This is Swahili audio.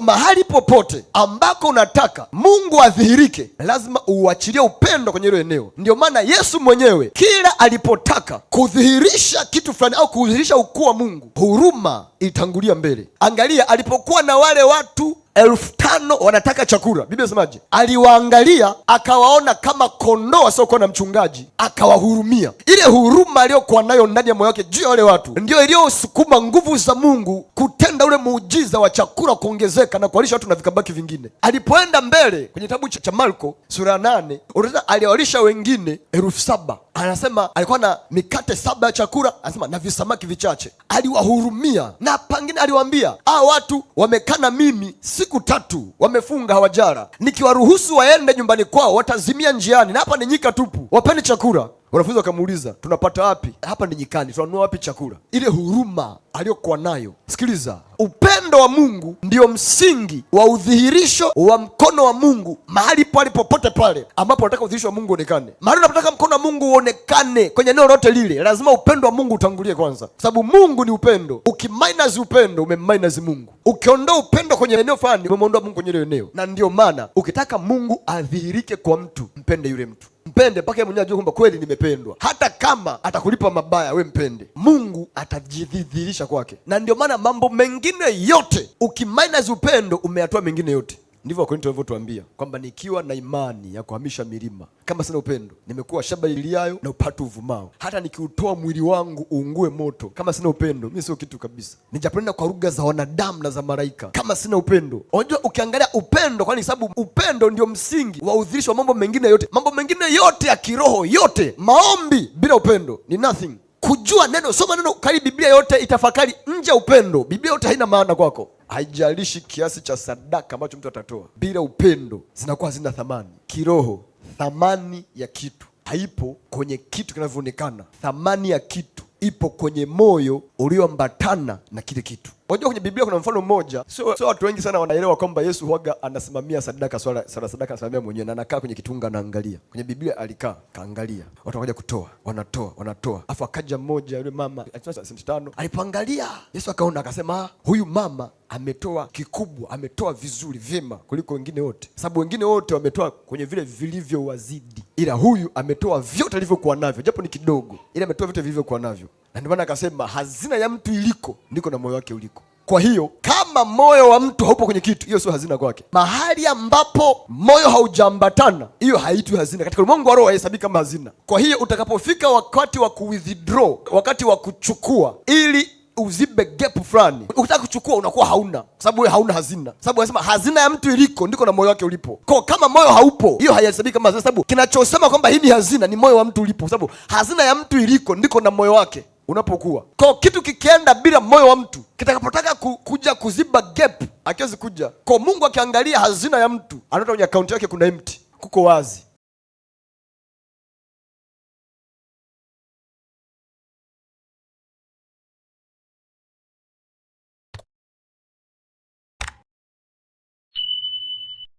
Mahali popote ambako unataka Mungu adhihirike, lazima uachilie upendo kwenye hilo eneo. Ndiyo maana Yesu mwenyewe kila alipotaka kudhihirisha kitu fulani au kudhihirisha ukuu wa Mungu, huruma ilitangulia mbele. Angalia alipokuwa na wale watu elfu tano wanataka chakula. Biblia inasemaje? Aliwaangalia akawaona kama kondoo asiokuwa na mchungaji, akawahurumia. Ile huruma aliyokuwa nayo ndani ya moyo wake juu ya wale watu ndio iliyosukuma nguvu za Mungu kutenda ule muujiza wa chakula kuongezeka na kuwalisha watu na vikabaki vingine. Alipoenda mbele kwenye kitabu cha Marko sura ya nane unaona aliwalisha wengine elfu saba anasema alikuwa na mikate saba ya chakula, anasema na visamaki vichache, aliwahurumia na aliwaambia aa, watu wamekana mimi siku tatu, wamefunga hawajara. Nikiwaruhusu waende nyumbani kwao watazimia njiani, na hapa ni nyika tupu, wapeni chakula. Wanafunzi wakamuuliza tunapata wapi? Hapa ni nyikani, tunanunua wapi chakula? Ile huruma aliyokuwa nayo. Sikiliza, upendo wa Mungu ndio msingi wa udhihirisho wa mkono wa Mungu mahali pale popote pale ambapo unataka udhihirisho wa Mungu uonekane. Mahali unapotaka mkono wa Mungu uonekane kwenye eneo lote lile, lazima upendo wa Mungu utangulie kwanza, kwa sababu Mungu ni upendo. Ukiminus upendo, umeminus Mungu. Ukiondoa upendo kwenye eneo fulani, umemwondoa Mungu kwenye eneo. Na ndio maana ukitaka Mungu adhihirike kwa mtu, mpende yule mtu umpende mpaka yeye mwenyewe ajue kwamba kweli nimependwa. Hata kama atakulipa mabaya, we mpende, Mungu atajidhihirisha kwake. Na ndio maana mambo mengine yote ukiminus upendo, umeyatoa mengine yote. Ndivyo Wakorintho walivyotuambia kwamba nikiwa na imani ya kuhamisha milima, kama sina upendo, nimekuwa shaba iliayo na upate uvumao. Hata nikiutoa mwili wangu uungue moto, kama sina upendo, mi sio kitu kabisa. Nijaponena kwa lugha za wanadamu na za malaika, kama sina upendo. Unajua, ukiangalia upendo, kwani sababu upendo ndio msingi wa udhirisho wa mambo mengine yote. Mambo mengine yote ya kiroho yote, maombi bila upendo ni nothing. Kujua neno, soma neno, kali Biblia yote itafakari. Nje ya upendo, Biblia yote haina maana kwako haijalishi kiasi cha sadaka ambacho mtu atatoa, bila upendo zinakuwa hazina thamani kiroho. Thamani ya kitu haipo kwenye kitu kinavyoonekana, thamani ya kitu ipo kwenye moyo ulioambatana na kile kitu. Unajua kwenye Biblia kuna mfano mmoja, sio sio watu wengi sana wanaelewa kwamba Yesu huaga anasimamia sadaka swala sala sadaka anasimamia mwenyewe na anakaa kwenye kitunga anaangalia. Kwenye Biblia alikaa, kaangalia. Watu wakaja kutoa, wanatoa, wanatoa. Afu akaja mmoja yule mama alitoa senti tano. Alipoangalia, Yesu akaona akasema, "Huyu mama ametoa kikubwa, ametoa vizuri vyema kuliko wengine wote." Sababu wengine wote wametoa kwenye vile vilivyowazidi. Ila huyu ametoa vyote alivyokuwa navyo, japo ni kidogo. Ila ametoa vyote vilivyokuwa navyo na ndio maana akasema hazina ya mtu iliko ndiko na moyo wake uliko. Kwa hiyo kama moyo wa mtu haupo kwenye kitu, hiyo sio hazina kwake. Mahali ambapo moyo haujaambatana, hiyo haitwi hazina. Katika ulimwengu wa roho haihesabiki kama hazina. Kwa hiyo utakapofika wakati wa kuwithdraw, wakati wa kuchukua ili uzibe gap fulani, ukitaka kuchukua unakuwa hauna, kwa sababu wewe hauna hazina, sababu anasema hazina ya mtu iliko ndiko na moyo wake ulipo. Kwa kama moyo haupo, hiyo haihesabiki kama hazina, sababu kinachosema kwamba hii ni hazina ni moyo wa mtu ulipo, sababu hazina ya mtu iliko ndiko na moyo wake unapokuwa kwa kitu kikienda bila moyo wa mtu, kitakapotaka ku, kuja kuziba gap akiwezi kuja kwa Mungu. Akiangalia hazina ya mtu anaona kwenye akaunti yake kuna empty, kuko wazi.